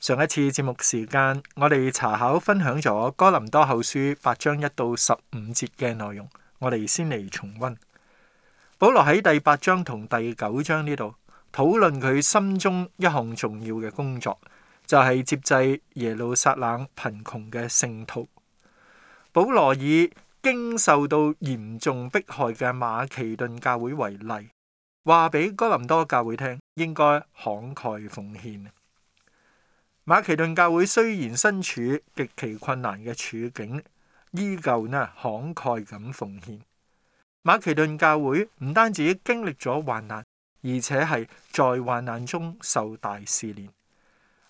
上一次節目時間，我哋查考分享咗哥林多後書八章一到十五節嘅內容，我哋先嚟重溫。保羅喺第八章同第九章呢度討論佢心中一項重要嘅工作，就係接濟耶路撒冷貧窮嘅聖徒。保羅以經受到嚴重迫害嘅馬其頓教會為例，話俾哥林多教會聽，應該慷慨奉獻。馬其頓教會雖然身處極其困難嘅處境，依舊呢，慷慨咁奉獻。馬其頓教會唔單止經歷咗患難，而且係在患難中受大試煉。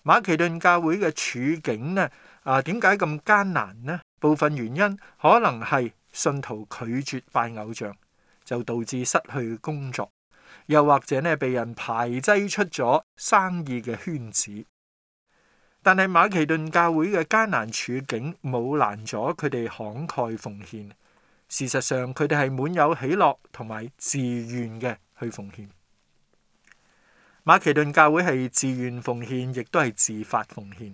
馬其頓教會嘅處境呢？啊，點解咁艱難呢？部分原因可能係信徒拒絕拜偶像，就導致失去工作，又或者呢，被人排擠出咗生意嘅圈子。但係馬其頓教會嘅艱難處境冇難咗佢哋慷慨奉獻。事實上，佢哋係滿有喜樂同埋自願嘅去奉獻。馬其頓教會係自願奉獻，亦都係自發奉獻。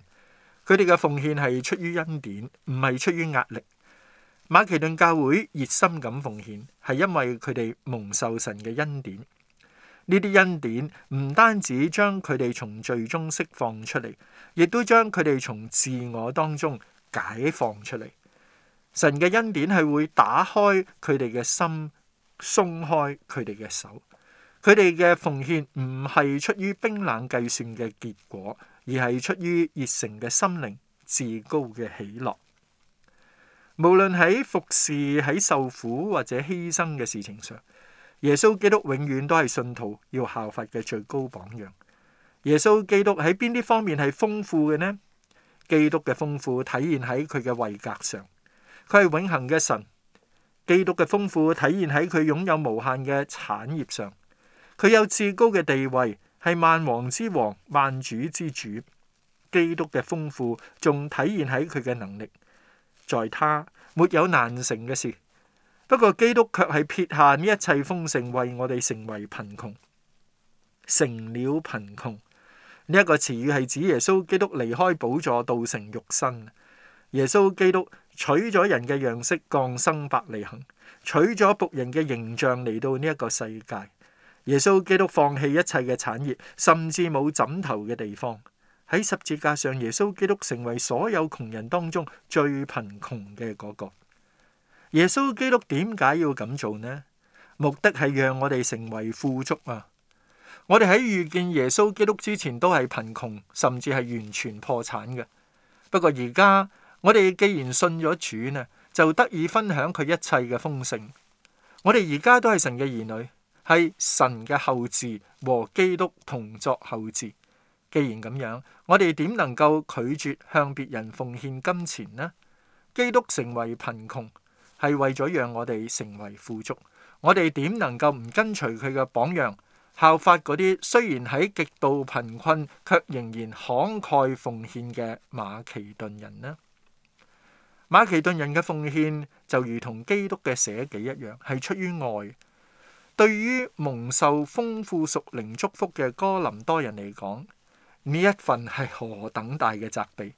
佢哋嘅奉獻係出於恩典，唔係出於壓力。馬其頓教會熱心咁奉獻，係因為佢哋蒙受神嘅恩典。呢啲恩典唔單止將佢哋從罪中釋放出嚟，亦都將佢哋從自我當中解放出嚟。神嘅恩典係會打開佢哋嘅心，鬆開佢哋嘅手。佢哋嘅奉獻唔係出於冰冷計算嘅結果，而係出於熱誠嘅心靈、至高嘅喜樂。無論喺服侍、喺受苦或者犧牲嘅事情上。耶穌基督永遠都係信徒要效法嘅最高榜樣。耶穌基督喺邊啲方面係豐富嘅呢？基督嘅豐富體現喺佢嘅位格上，佢係永恒嘅神。基督嘅豐富體現喺佢擁有無限嘅產業上，佢有至高嘅地位，係萬王之王、萬主之主。基督嘅豐富仲體現喺佢嘅能力，在他，沒有難成嘅事。不過，基督卻係撇下呢一切豐盛，為我哋成為貧窮，成了貧窮呢一個詞語係指耶穌基督離開寶座，道成肉身。耶穌基督取咗人嘅樣式，降生伯利恆，取咗僕人嘅形象嚟到呢一個世界。耶穌基督放棄一切嘅產業，甚至冇枕頭嘅地方。喺十字架上，耶穌基督成為所有窮人當中最貧窮嘅嗰個。耶穌基督點解要咁做呢？目的係讓我哋成為富足啊！我哋喺遇見耶穌基督之前都係貧窮，甚至係完全破產嘅。不過而家我哋既然信咗主呢，就得以分享佢一切嘅豐盛。我哋而家都係神嘅兒女，係神嘅後嗣和基督同作後嗣。既然咁樣，我哋點能夠拒絕向別人奉獻金錢呢？基督成為貧窮。係為咗讓我哋成為富足，我哋點能夠唔跟隨佢嘅榜樣，效法嗰啲雖然喺極度貧困，卻仍然慷慨奉獻嘅馬其頓人呢？馬其頓人嘅奉獻就如同基督嘅捨己一樣，係出於愛。對於蒙受豐富屬靈祝福嘅哥林多人嚟講，呢一份係何等大嘅責備！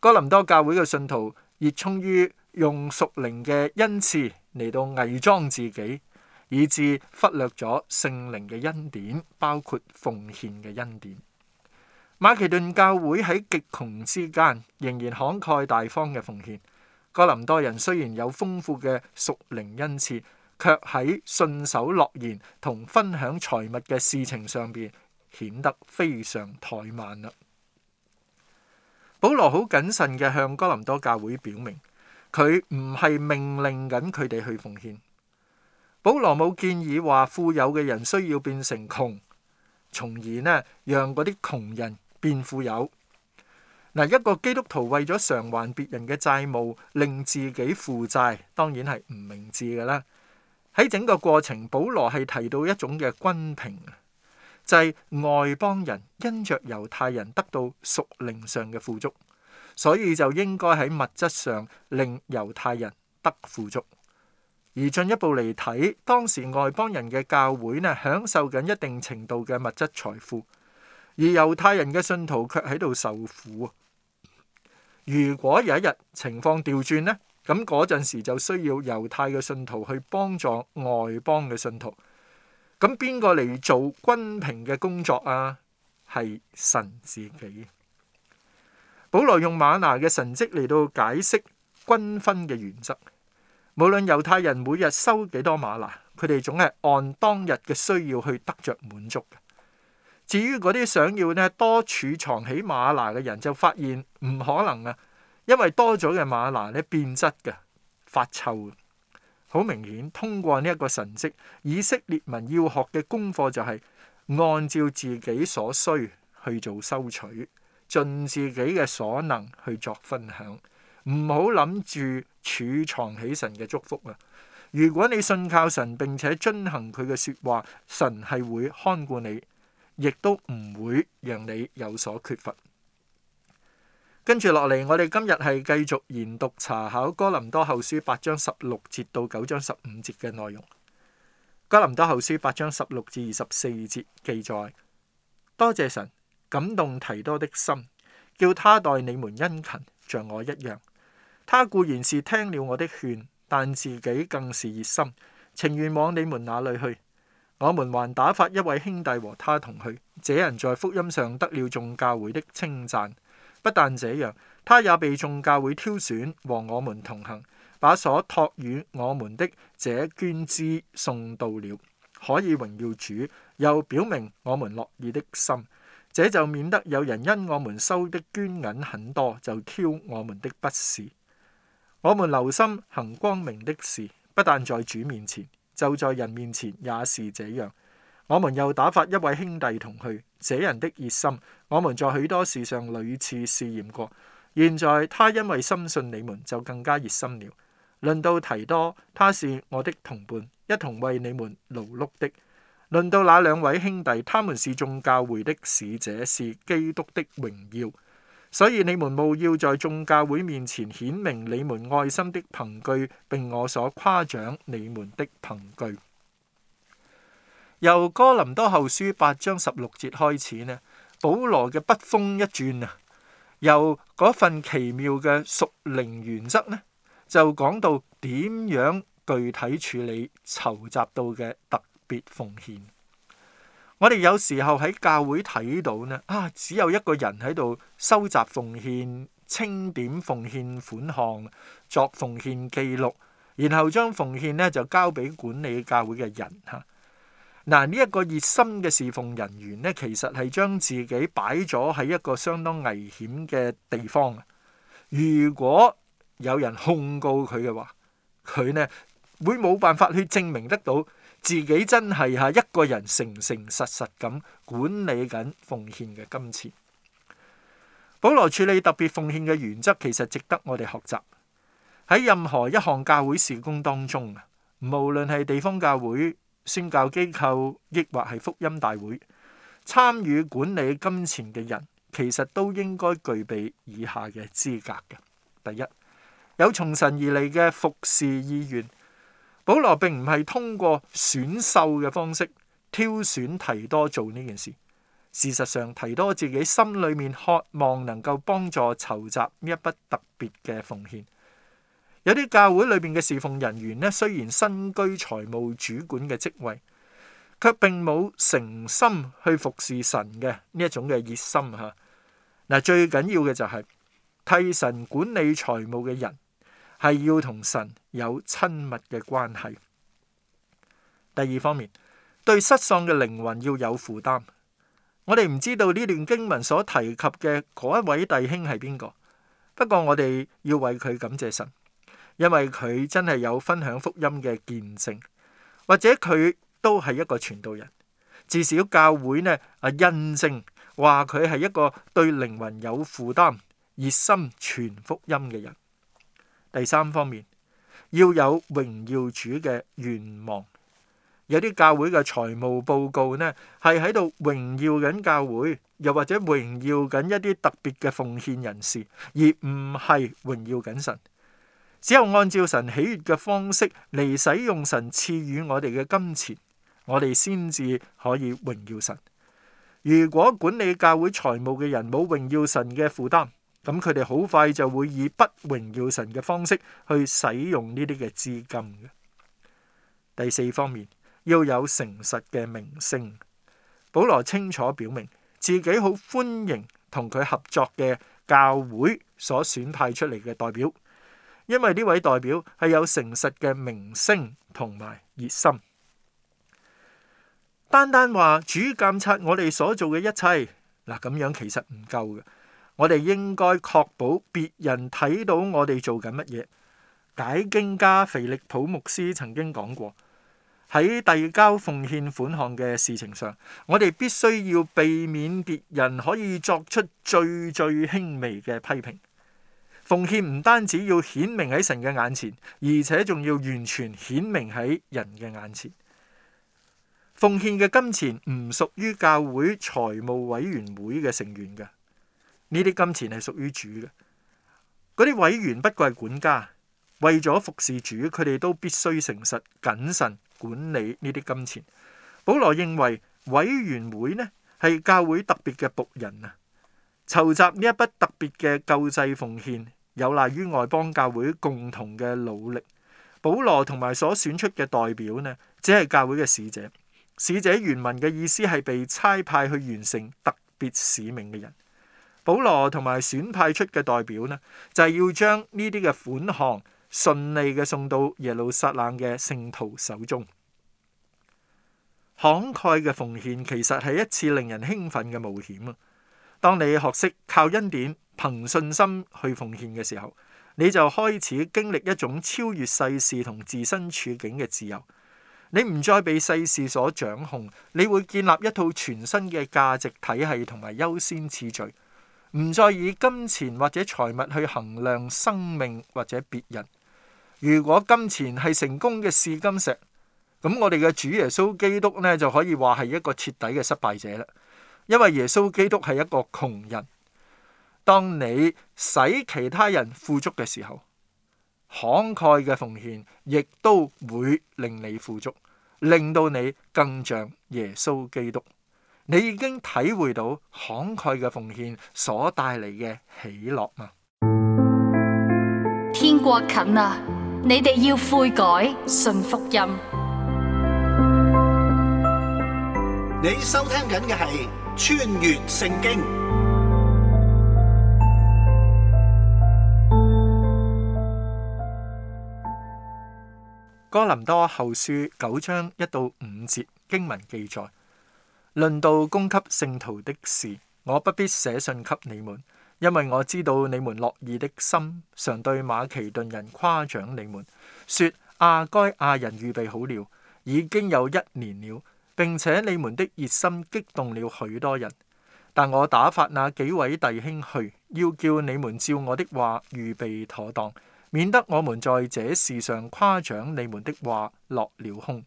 哥林多教會嘅信徒熱衷於用屬靈嘅恩賜嚟到偽裝自己，以致忽略咗聖靈嘅恩典，包括奉獻嘅恩典。馬其頓教會喺極窮之間，仍然慷慨大方嘅奉獻。哥林多人雖然有豐富嘅屬靈恩賜，卻喺信守諾言同分享財物嘅事情上邊，顯得非常怠慢啦。保羅好謹慎嘅向哥林多教會表明。佢唔係命令緊佢哋去奉獻。保羅冇建議話富有嘅人需要變成窮，從而呢，讓嗰啲窮人變富有。嗱，一個基督徒為咗償還別人嘅債務，令自己負債，當然係唔明智嘅啦。喺整個過程，保羅係提到一種嘅均平，就係外邦人因着猶太人得到屬靈上嘅富足。所以就應該喺物質上令猶太人得富足，而進一步嚟睇，當時外邦人嘅教會呢，享受緊一定程度嘅物質財富，而猶太人嘅信徒卻喺度受苦。如果有一日情況調轉呢，咁嗰陣時就需要猶太嘅信徒去幫助外邦嘅信徒。咁邊個嚟做均平嘅工作啊？係神自己。保羅用馬拿嘅神跡嚟到解釋均分嘅原則，無論猶太人每日收幾多馬拿，佢哋總係按當日嘅需要去得着滿足。至於嗰啲想要咧多儲藏起馬拿嘅人，就發現唔可能啊，因為多咗嘅馬拿咧變質㗎，發臭。好明顯，通過呢一個神跡，以色列民要學嘅功課就係按照自己所需去做收取。盡自己嘅所能去作分享，唔好諗住儲藏起神嘅祝福啊！如果你信靠神，並且遵行佢嘅說話，神係會看顧你，亦都唔會讓你有所缺乏。跟住落嚟，我哋今日係繼續研讀查考哥林多後書八章十六節到九章十五節嘅內容。哥林多後書八章十六至二十四節記載：多謝神。感動提多的心，叫他待你們殷勤，像我一樣。他固然是聽了我的勸，但自己更是熱心，情願往你們那裏去。我們還打發一位兄弟和他同去，這人在福音上得了眾教會的稱讚。不但這樣，他也被眾教會挑選和我們同行，把所託與我們的這捐資送到了，可以榮耀主，又表明我們樂意的心。這就免得有人因我們收的捐銀很多，就挑我們的不是。我們留心行光明的事，不但在主面前，就在人面前也是這樣。我們又打發一位兄弟同去，這人的熱心，我們在許多事上屢次試驗過。現在他因為深信你們，就更加熱心了。論到提多，他是我的同伴，一同為你們勞碌的。論到那兩位兄弟，他們是眾教會的使者，是基督的榮耀，所以你們務要在眾教會面前顯明你們愛心的憑據，並我所誇獎你們的憑據。由哥林多後書八章十六節開始呢，保羅嘅筆鋒一轉啊，由嗰份奇妙嘅屬靈原則呢，就講到點樣具體處理籌集到嘅特。別奉獻。我哋有時候喺教會睇到呢啊，只有一個人喺度收集奉獻，清點奉獻款項，作奉獻記錄，然後將奉獻呢就交俾管理教會嘅人吓。嗱，呢一個熱心嘅侍奉人員呢，其實係將自己擺咗喺一個相當危險嘅地方。如果有人控告佢嘅話，佢呢會冇辦法去證明得到。自己真係嚇一個人誠誠實實咁管理緊奉獻嘅金錢。保羅處理特別奉獻嘅原則其實值得我哋學習。喺任何一項教會事工當中，無論係地方教會宣教機構抑或係福音大會參與管理金錢嘅人其實都應該具備以下嘅資格嘅：第一，有從神而嚟嘅服侍意願。保羅並唔係通過選秀嘅方式挑選提多做呢件事，事實上提多自己心裏面渴望能夠幫助籌集呢一筆特別嘅奉獻。有啲教會裏面嘅侍奉人員呢，雖然身居財務主管嘅職位，却並冇誠心去服侍神嘅呢一種嘅熱心吓。嗱，最緊要嘅就係替神管理財務嘅人，係要同神有親密嘅關係。第二方面，對失喪嘅靈魂要有負擔。我哋唔知道呢段經文所提及嘅嗰一位弟兄係邊個，不過我哋要為佢感謝神，因為佢真係有分享福音嘅見證，或者佢都係一個傳道人。至少教會呢啊印證話，佢係一個對靈魂有負擔、熱心傳福音嘅人。第三方面，要有榮耀主嘅願望。有啲教會嘅財務報告呢，係喺度榮耀緊教會，又或者榮耀緊一啲特別嘅奉獻人士，而唔係榮耀緊神。只有按照神喜悅嘅方式嚟使用神賜予我哋嘅金錢，我哋先至可以榮耀神。如果管理教會財務嘅人冇榮耀神嘅負擔，咁佢哋好快就會以不榮耀神嘅方式去使用呢啲嘅資金嘅。第四方面，要有誠實嘅名聲。保羅清楚表明自己好歡迎同佢合作嘅教會所選派出嚟嘅代表，因為呢位代表係有誠實嘅名聲同埋熱心。單單話主監察我哋所做嘅一切，嗱，咁樣其實唔夠嘅。我哋應該確保別人睇到我哋做緊乜嘢。解經家腓力普牧師曾經講過，喺遞交奉獻款項嘅事情上，我哋必須要避免別人可以作出最最輕微嘅批評。奉獻唔單止要顯明喺神嘅眼前，而且仲要完全顯明喺人嘅眼前。奉獻嘅金錢唔屬於教會財務委員會嘅成員嘅。呢啲金錢係屬於主嘅。嗰啲委員不過係管家，為咗服侍主，佢哋都必須誠實謹慎管理呢啲金錢。保羅認為委員會呢，係教會特別嘅僕人啊，籌集呢一筆特別嘅救濟奉獻，有賴於外邦教會共同嘅努力。保羅同埋所選出嘅代表呢，只係教會嘅使者。使者原文嘅意思係被差派去完成特別使命嘅人。保羅同埋選派出嘅代表呢，就係要將呢啲嘅款項順利嘅送到耶路撒冷嘅聖徒手中。慷慨嘅奉獻其實係一次令人興奮嘅冒險啊！當你學識靠恩典、憑信心去奉獻嘅時候，你就開始經歷一種超越世事同自身處境嘅自由。你唔再被世事所掌控，你會建立一套全新嘅價值體系同埋優先次序。唔再以金錢或者財物去衡量生命或者別人。如果金錢係成功嘅試金石，咁我哋嘅主耶穌基督呢，就可以話係一個徹底嘅失敗者啦。因為耶穌基督係一個窮人。當你使其他人富足嘅時候，慷慨嘅奉獻亦都會令你富足，令到你更像耶穌基督。你已經體會到慷慨嘅奉獻所帶嚟嘅喜樂嗎？天國近啦，你哋要悔改，信福音。你收聽緊嘅係《穿越聖經》哥林多後書九章一到五節經文記載。論到供給聖徒的事，我不必寫信給你們，因為我知道你們樂意的心常對馬其頓人誇獎你們，說：亞該亞人預備好了，已經有一年了，並且你們的熱心激動了許多人。但我打發那幾位弟兄去，要叫你們照我的話預備妥當，免得我們在這事上誇獎你們的話落了空。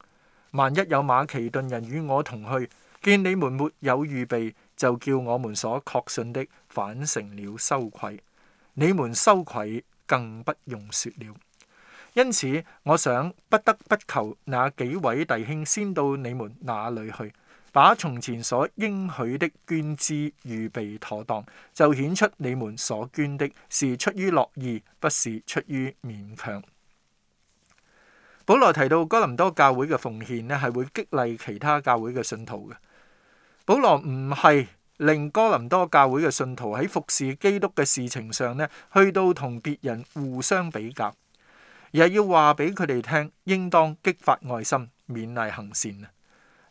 萬一有馬其頓人與我同去，見你們沒有預備，就叫我們所確信的反成了羞愧。你們羞愧更不用説了。因此，我想不得不求那幾位弟兄先到你們那裏去，把從前所應許的捐資預備妥當，就顯出你們所捐的是出於樂意，不是出於勉強。保羅提到哥林多教會嘅奉獻咧，係會激勵其他教會嘅信徒嘅。保羅唔係令哥林多教會嘅信徒喺服侍基督嘅事情上呢，去到同別人互相比較，而係要話俾佢哋聽，應當激發愛心，勉勵行善啊！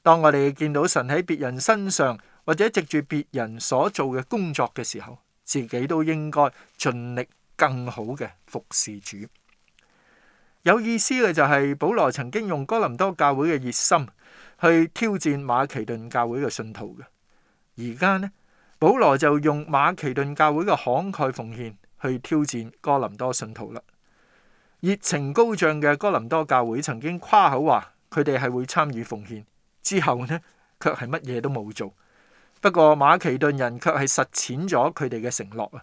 當我哋見到神喺別人身上，或者藉住別人所做嘅工作嘅時候，自己都應該盡力更好嘅服侍主。有意思嘅就係、是、保羅曾經用哥林多教會嘅熱心。去挑戰馬其頓教會嘅信徒嘅，而家呢，保羅就用馬其頓教會嘅慷慨奉獻去挑戰哥林多信徒啦。熱情高漲嘅哥林多教會曾經誇口話佢哋係會參與奉獻，之後呢，卻係乜嘢都冇做。不過馬其頓人卻係實踐咗佢哋嘅承諾啊。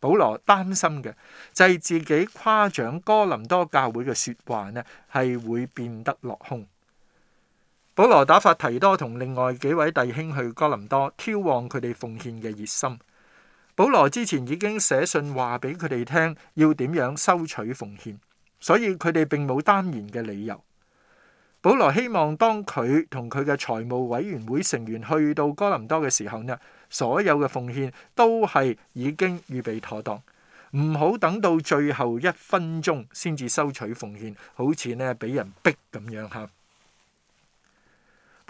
保羅擔心嘅，就係自己誇獎哥林多教會嘅説話呢，係會變得落空。保羅打發提多同另外幾位弟兄去哥林多，挑旺佢哋奉獻嘅熱心。保羅之前已經寫信話俾佢哋聽，要點樣收取奉獻，所以佢哋並冇耽延嘅理由。保羅希望當佢同佢嘅財務委員會成員去到哥林多嘅時候呢，所有嘅奉獻都係已經預備妥當，唔好等到最後一分鐘先至收取奉獻，好似呢俾人逼咁樣吓。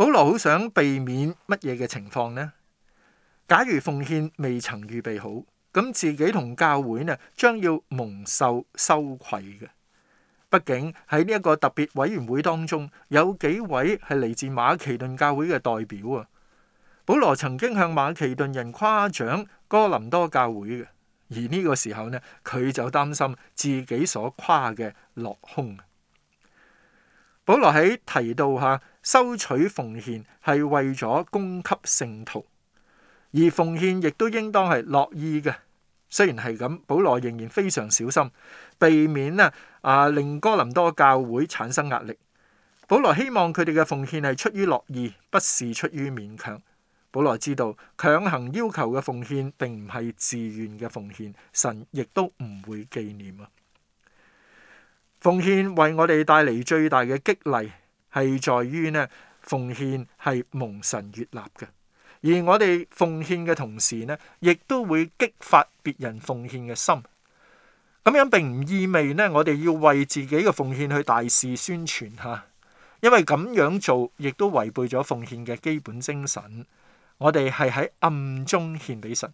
保羅好想避免乜嘢嘅情況呢？假如奉獻未曾預備好，咁自己同教會呢，將要蒙受羞愧嘅。畢竟喺呢一個特別委員會當中，有幾位係嚟自馬其頓教會嘅代表啊。保羅曾經向馬其頓人誇獎哥林多教會嘅，而呢個時候呢，佢就擔心自己所誇嘅落空。保羅喺提到吓，收取奉獻係為咗供給聖徒，而奉獻亦都應當係樂意嘅。雖然係咁，保羅仍然非常小心，避免呢啊，啊令哥林多教會產生壓力。保羅希望佢哋嘅奉獻係出於樂意，不是出於勉強。保羅知道強行要求嘅奉獻，並唔係自願嘅奉獻，神亦都唔會紀念啊。奉獻為我哋帶嚟最大嘅激勵，係在於呢，奉獻係蒙神悅納嘅。而我哋奉獻嘅同時呢，亦都會激發別人奉獻嘅心。咁樣並唔意味呢，我哋要為自己嘅奉獻去大肆宣傳嚇，因為咁樣做亦都違背咗奉獻嘅基本精神。我哋係喺暗中獻俾神。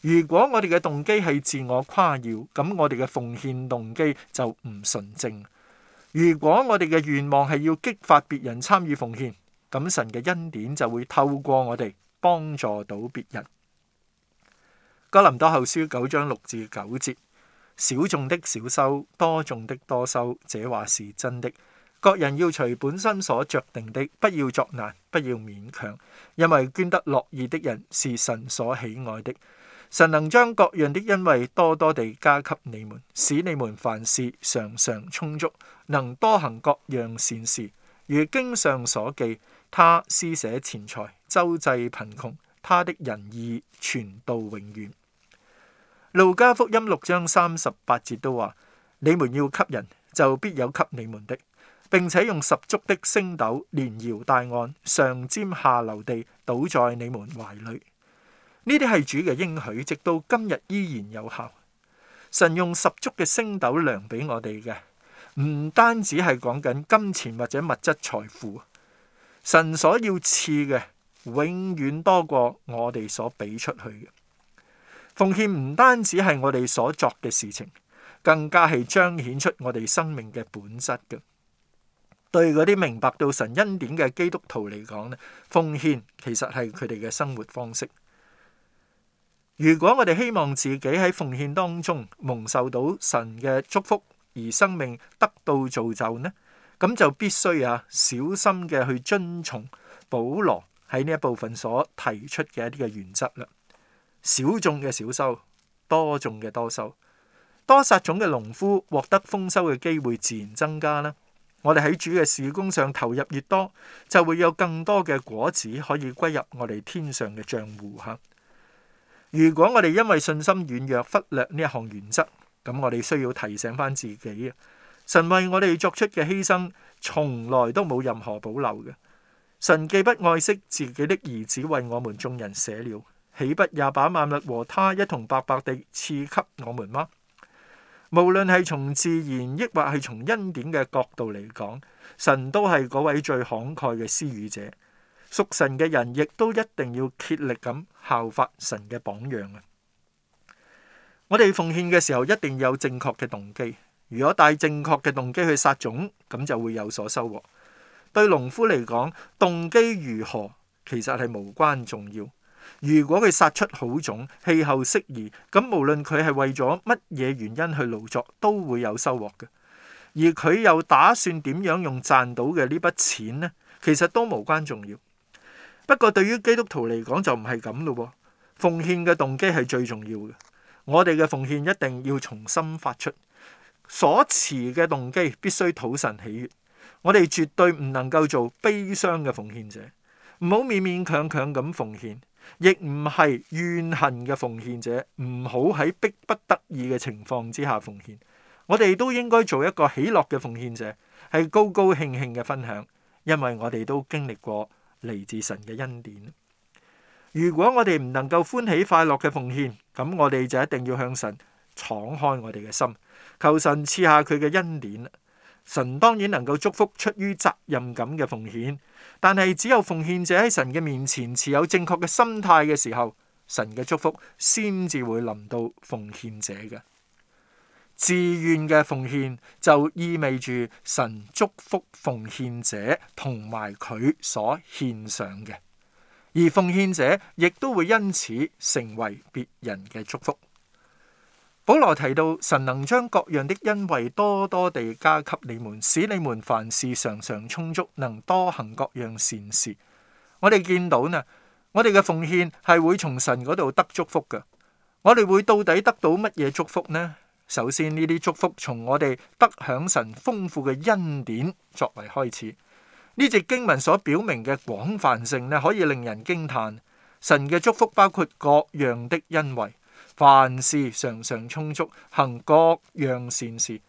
如果我哋嘅動機係自我誇耀，咁我哋嘅奉獻動機就唔純正。如果我哋嘅願望係要激發別人參與奉獻，咁神嘅恩典就會透過我哋幫助到別人。哥林多後書九章六至九節：少種的少收，多種的多收。這話是真的。各人要隨本身所酌定的，不要作難，不要勉強，因為捐得樂意的人是神所喜愛的。神能將各樣的恩惠多多地加給你們，使你們凡事常常充足，能多行各樣善事。如經上所記，他施捨錢財，周濟貧窮，他的仁義傳到永遠。路加福音六章三十八節都話：你們要給人，就必有給你們的，並且用十足的升斗連搖帶按，上尖下流地倒在你們懷裏。呢啲係主嘅應許，直到今日依然有效。神用十足嘅升斗量俾我哋嘅，唔單止係講緊金錢或者物質財富。神所要賜嘅永遠多過我哋所俾出去嘅。奉獻唔單止係我哋所作嘅事情，更加係彰顯出我哋生命嘅本質嘅。對嗰啲明白到神恩典嘅基督徒嚟講咧，奉獻其實係佢哋嘅生活方式。如果我哋希望自己喺奉獻當中蒙受到神嘅祝福而生命得到造就呢，咁就必須啊小心嘅去遵從保羅喺呢一部分所提出嘅一啲嘅原則啦。少種嘅少收，多種嘅多收，多撒種嘅農夫獲得豐收嘅機會自然增加啦。我哋喺主嘅事工上投入越多，就會有更多嘅果子可以歸入我哋天上嘅賬戶吓。如果我哋因為信心軟弱，忽略呢一項原則，咁我哋需要提醒翻自己啊！神為我哋作出嘅犧牲，從來都冇任何保留嘅。神既不愛惜自己的兒子，為我們眾人捨了，豈不也把萬物和他一同白白地賜給我們嗎？無論係從自然，亦或係從恩典嘅角度嚟講，神都係嗰位最慷慨嘅施予者。屬神嘅人亦都一定要竭力咁效法神嘅榜樣啊！我哋奉獻嘅時候一定要有正確嘅動機。如果帶正確嘅動機去撒種，咁就會有所收穫。對農夫嚟講，動機如何其實係無關重要。如果佢撒出好種，氣候適宜，咁無論佢係為咗乜嘢原因去勞作，都會有收穫嘅。而佢又打算點樣用賺到嘅呢筆錢呢？其實都無關重要。不過，對於基督徒嚟講就唔係咁咯喎，奉獻嘅動機係最重要嘅。我哋嘅奉獻一定要從心發出，所持嘅動機必須討神喜悅。我哋絕對唔能夠做悲傷嘅奉獻者，唔好勉勉強強咁奉獻，亦唔係怨恨嘅奉獻者，唔好喺逼不得已嘅情況之下奉獻。我哋都應該做一個喜樂嘅奉獻者，係高高興興嘅分享，因為我哋都經歷過嚟自神嘅恩典。如果我哋唔能夠歡喜快樂嘅奉獻，咁我哋就一定要向神敞開我哋嘅心，求神賜下佢嘅恩典。神當然能夠祝福出於責任感嘅奉獻，但係只有奉獻者喺神嘅面前持有正確嘅心態嘅時候，神嘅祝福先至會臨到奉獻者嘅。自願嘅奉獻就意味住神祝福奉獻者同埋佢所獻上嘅，而奉獻者亦都會因此成為別人嘅祝福。保羅提到神能將各樣的恩惠多多地加給你們，使你們凡事常常充足，能多行各樣善事。我哋見到呢，我哋嘅奉獻係會從神嗰度得祝福嘅。我哋會到底得到乜嘢祝福呢？首先，呢啲祝福從我哋得享神豐富嘅恩典作為開始。呢節經文所表明嘅廣泛性呢，可以令人驚嘆。神嘅祝福包括各樣的恩惠，凡事常常充足，行各樣善事。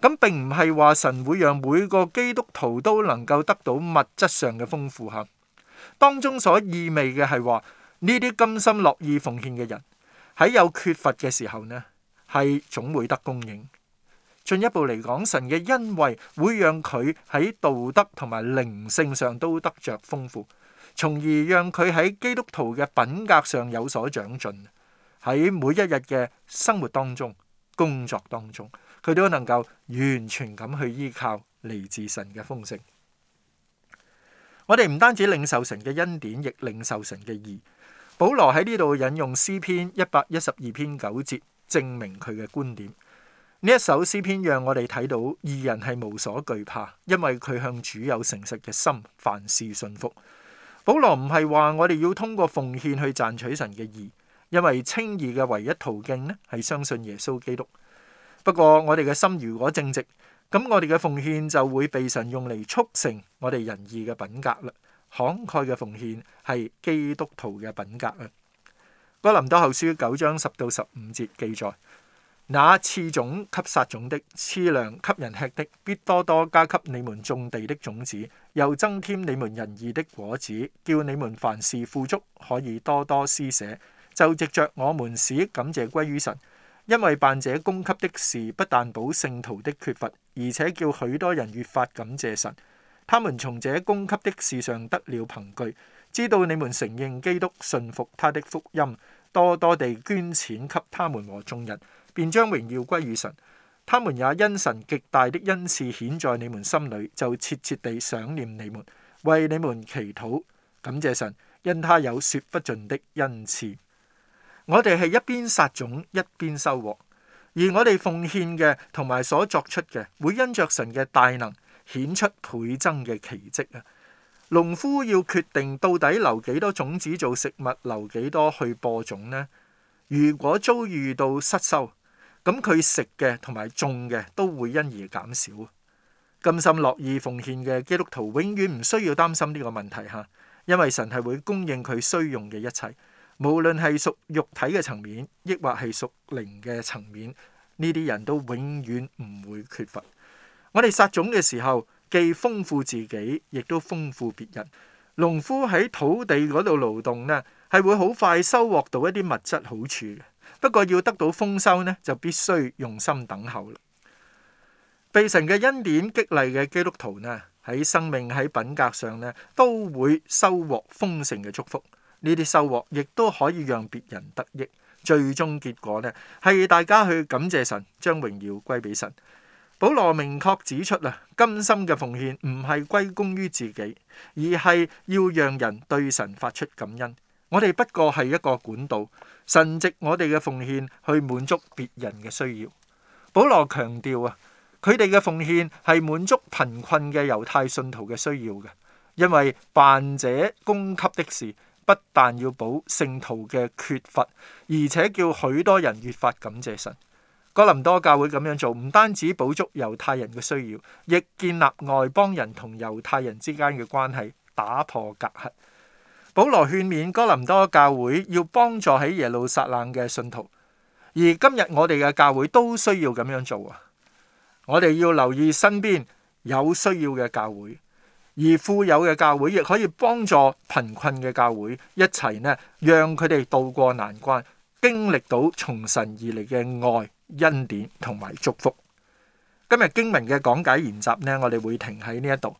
咁並唔係話神會讓每個基督徒都能夠得到物質上嘅豐富行。下當中所意味嘅係話，呢啲甘心樂意奉獻嘅人喺有缺乏嘅時候呢？係總會得供應。進一步嚟講，神嘅恩惠會讓佢喺道德同埋靈性上都得著豐富，從而讓佢喺基督徒嘅品格上有所長進。喺每一日嘅生活當中，工作當中，佢都能夠完全咁去依靠嚟自神嘅豐盛。我哋唔單止領受神嘅恩典，亦領受神嘅義。保羅喺呢度引用詩篇一百一十二篇九節。證明佢嘅觀點，呢一首詩篇讓我哋睇到二人係無所懼怕，因為佢向主有誠實嘅心，凡事信服。保羅唔係話我哋要通過奉獻去賺取神嘅義，因為稱義嘅唯一途徑咧係相信耶穌基督。不過我哋嘅心如果正直，咁我哋嘅奉獻就會被神用嚟促成我哋仁義嘅品格啦。慷慨嘅奉獻係基督徒嘅品格啊！哥林多後書九章十到十五節記載：那賜種給撒種的，賜糧給人吃的，必多多加給你們種地的種子，又增添你們仁義的果子，叫你們凡事富足，可以多多施捨。就藉着我們使感謝歸於神，因為辦這供給的事不但補聖徒的缺乏，而且叫許多人越發感謝神。他們從這供給的事上得了憑據。知道你們承認基督，信服他的福音，多多地捐錢給他們和眾人，便將榮耀歸於神。他們也因神極大的恩賜顯在你們心裏，就切切地想念你們，為你們祈禱，感謝神，因他有說不盡的恩賜。我哋係一邊撒種一邊收穫，而我哋奉獻嘅同埋所作出嘅，會因着神嘅大能顯出倍增嘅奇蹟啊！農夫要決定到底留幾多種子做食物，留幾多去播種呢？如果遭遇到失收，咁佢食嘅同埋種嘅都會因而減少。甘心樂意奉獻嘅基督徒永遠唔需要擔心呢個問題吓，因為神係會供應佢需用嘅一切，無論係屬肉體嘅層面，抑或係屬靈嘅層面，呢啲人都永遠唔會缺乏。我哋撒種嘅時候，既豐富自己，亦都豐富別人。農夫喺土地嗰度勞動呢，係會好快收穫到一啲物質好處嘅。不過要得到豐收呢，就必須用心等候啦。被神嘅恩典激勵嘅基督徒呢，喺生命喺品格上呢，都會收穫豐盛嘅祝福。呢啲收穫亦都可以讓別人得益。最終結果呢，係大家去感謝神，將榮耀歸俾神。保羅明確指出啦，甘心嘅奉獻唔係歸功於自己，而係要讓人對神發出感恩。我哋不過係一個管道，神藉我哋嘅奉獻去滿足別人嘅需要。保羅強調啊，佢哋嘅奉獻係滿足貧困嘅猶太信徒嘅需要嘅，因為辦這供給的事，不但要補聖徒嘅缺乏，而且叫許多人越發感謝神。哥林多教會咁樣做，唔單止補足猶太人嘅需要，亦建立外邦人同猶太人之間嘅關係，打破隔閡。保羅勸勉哥林多教會要幫助喺耶路撒冷嘅信徒，而今日我哋嘅教會都需要咁樣做啊！我哋要留意身邊有需要嘅教會，而富有嘅教會亦可以幫助貧困嘅教會一齊呢，讓佢哋渡過難關，經歷到從神而嚟嘅愛。恩典同埋祝福。今日經文嘅講解研習呢，我哋會停喺呢一度。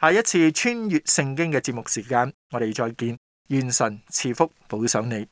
下一次穿越聖經嘅節目時間，我哋再見。願神賜福保守你。